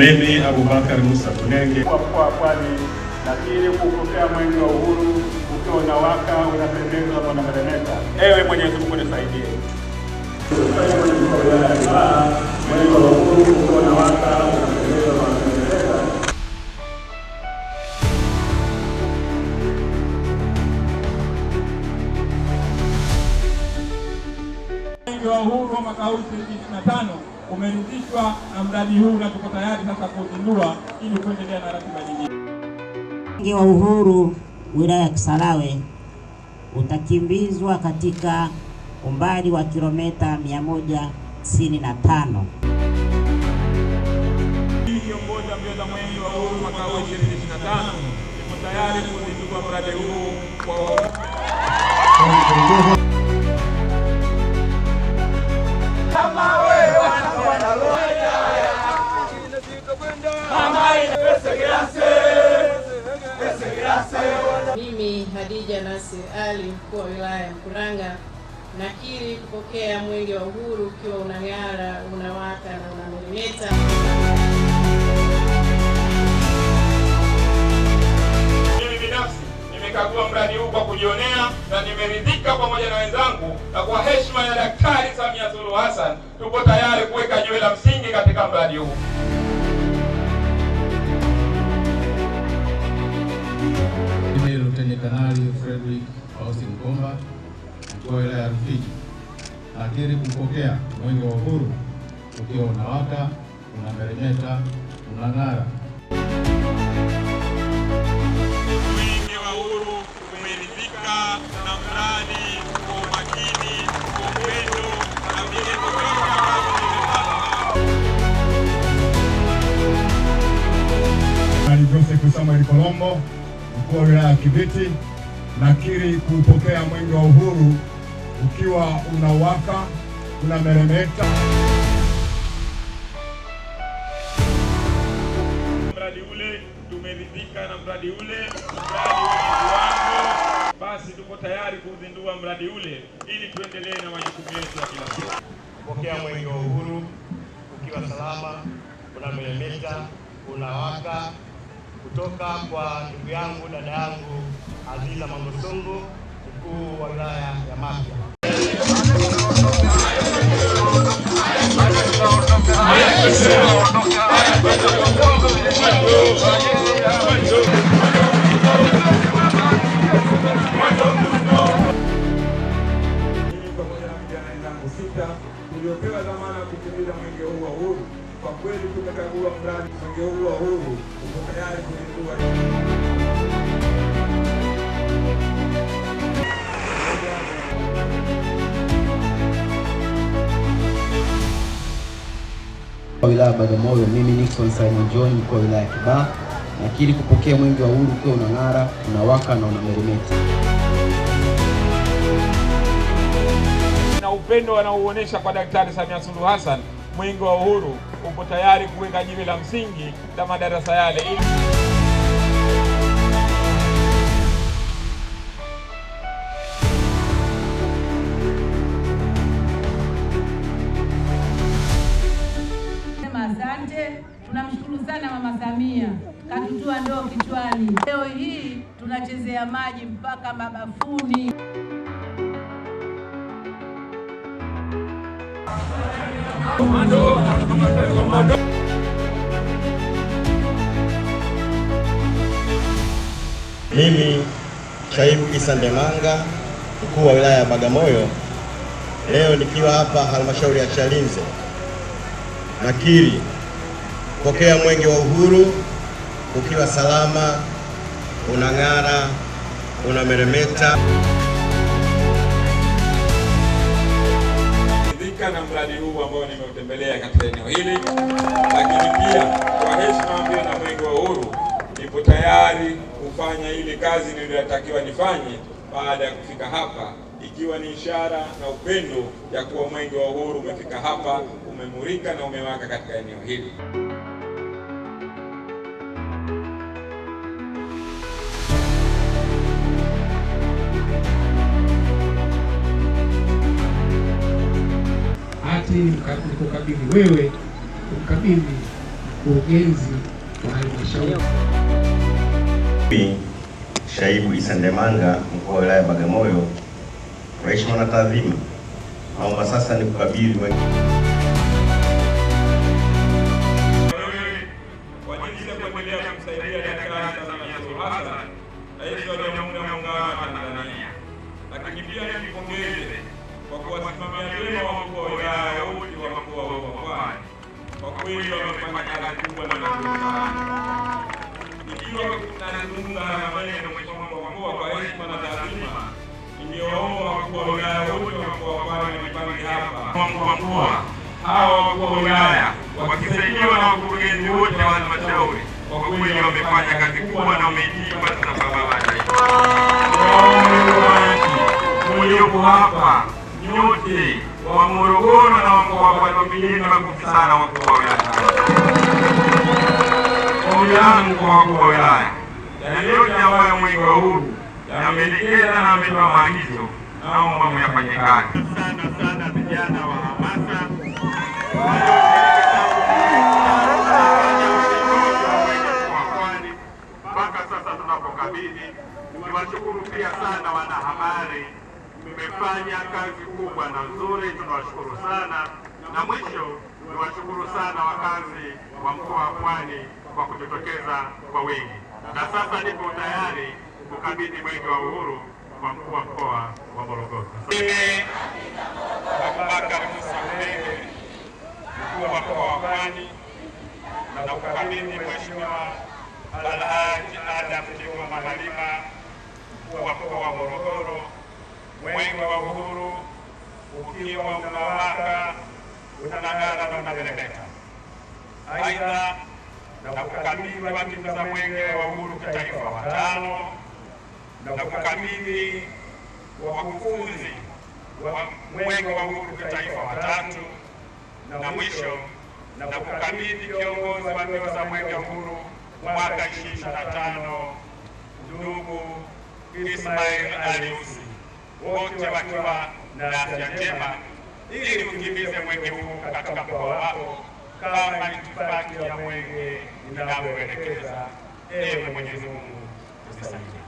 Mimi Abubakar Musa Kunenge mkoa wa Pwani, nakiri kupokea mwenge wa uhuru ukiwa unawaka unapendeza unameremeta. Ewe Mwenyezi Mungu nisaidie. Mwenge wa uhuru ukiwa unawaka unapendeza wa uhuru wa mwaka 2025 umeridhishwa na mradi huu na tuko tayari sasa kuzindua ili kuendelea na ratiba nyingine. Mwenge wa Uhuru wilaya ya Kisarawe utakimbizwa katika umbali wa kilometa 165. Hii kiongozi wa mbio za Mwenge wa Uhuru mwaka 2025 tayari kuzindua mradi huu kwa Mimi Hadija Nasir Ali, mkuu wa wilaya ya Mkuranga, nakiri kupokea mwenge wa uhuru ukiwa unang'ara, unawaka na unameremeta. Mimi binafsi nimekagua mradi huu kwa kujionea na nimeridhika pamoja na wenzangu, na kwa heshima ya Daktari Samia Suluhu Hassan tuko tayari kuweka jiwe la msingi katika mradi huu. Kanali Frederick Fausti Mkomba, mkuu wa wilaya ya Rufiji, nakiri kupokea mwenge wa uhuru ukiwa unawaka, unameremeta, unang'ara. Mwenge wa uhuru umeridhika na mradi kwa umakini, kwa upendo na vilivyotoka Joseph Samuel Kolombo mkuu wa wilaya ya Kibiti, nakiri kuupokea mwenge wa uhuru ukiwa unawaka unameremeta. Mradi ule tumeridhika na mradi ule, mradi wangu, basi tuko tayari kuzindua mradi ule ili tuendelee na majukumu yetu ya kila siku. Pokea mwenge wa uhuru ukiwa salama, unameremeta, unawaka kutoka kwa ndugu yangu dada yangu Azila Mangosongo, mkuu wa wilaya ya Mafia. wilaya Bagamoyo. Mimi Nixon Simon John, mkuu wa wilaya ya Kibaha, nakiri kupokea mwenge wa uhuru ukiwa unang'ara, unawaka na unameremeta na upendo wanaouonyesha kwa Daktari Samia Suluhu Hassan. Mwenge wa uhuru upo tayari kuweka jiwe la msingi la madarasa yale. Leo hii tunachezea maji mpaka mabafuni. Mimi Shaibu Isa Ndemanga, mkuu wa wilaya ya Bagamoyo, leo nikiwa hapa halmashauri ya Chalinze, nakiri pokea mwenge wa uhuru ukiwa salama unang'ara, unameremeta. Ridhika na mradi huu ambao nimeutembelea katika eneo hili, lakini pia kwa heshima pia na mwenge wa uhuru, nipo tayari kufanya ile kazi niliyotakiwa nifanye baada ya kufika hapa, ikiwa ni ishara na upendo ya kuwa mwenge wa uhuru umefika hapa, umemurika na umewaka katika eneo hili. lakini nikukabidhi wewe kumkabidhi mkurugenzi wa halmashauri. Shaibu Isandemanga, mkuu wa wilaya ya Bagamoyo. Kwa heshima na taadhima, naomba sasa nikukabidhi lakini pia nikupongeze kwa kuwasimamia vyema wakuu wa wilaya wote wa mkoa huu wa Pwani. Kwa kweli wamefanya kazi kubwa na nzuri sana. Ikiwa tunazungumza habari ya mheshimiwa mkoa kwa heshima na taadhima, ningewaomba wakuu wa wilaya wote wa mkoa wa Pwani wajipange hapa kwa mkoa, hawa wakuu wa wilaya wakisaidiwa na wakurugenzi wote wa halmashauri, kwa kweli wamefanya kazi kubwa na wamejima Mhimili makofi sana wakuu wa wilaya, ujangu kwa wakuu wa wilaya, yote ambayo mwiko huu yameelekeza na ametoa maagizo, naomba muyafanye kazi sana sana, vijana wa hamasa Niwashukuru pia sana wanahabari, mmefanya kazi kubwa na nzuri, tunawashukuru sana. Na mwisho niwashukuru sana wakazi wa mkoa wa Pwani kwa kujitokeza kwa wingi, na sasa nipo tayari kukabidhi mwenge wa uhuru kwa mkuu wa mkoa wa Morogoro. Abubakar Musa Ubenge, mkuu wa mkoa wa Pwani, na kukabidhi Mheshimiwa Alhaji Adam Kigoma Halima, mkuu wa mkoa wa Morogoro, mwenge wa uhuru ukiwa unawaka kutangaza na unaeleweka. Aidha, na kukabidhi wakimu za mwenge wa uhuru kitaifa watano na kukabidhi wakufunzi wa mwenge wa uhuru kitaifa watatu na mwisho na kukabidhi kiongozi wa mbio za mwenge huru mwaka 2025 ndugu Ismail Ali wote wakiwa na afya njema ili ukimbize mwenge huu katika mkoa wako kama itifaki ya mwenge inavyoelekeza. Ewe Mwenyezi Mungu tusaidie.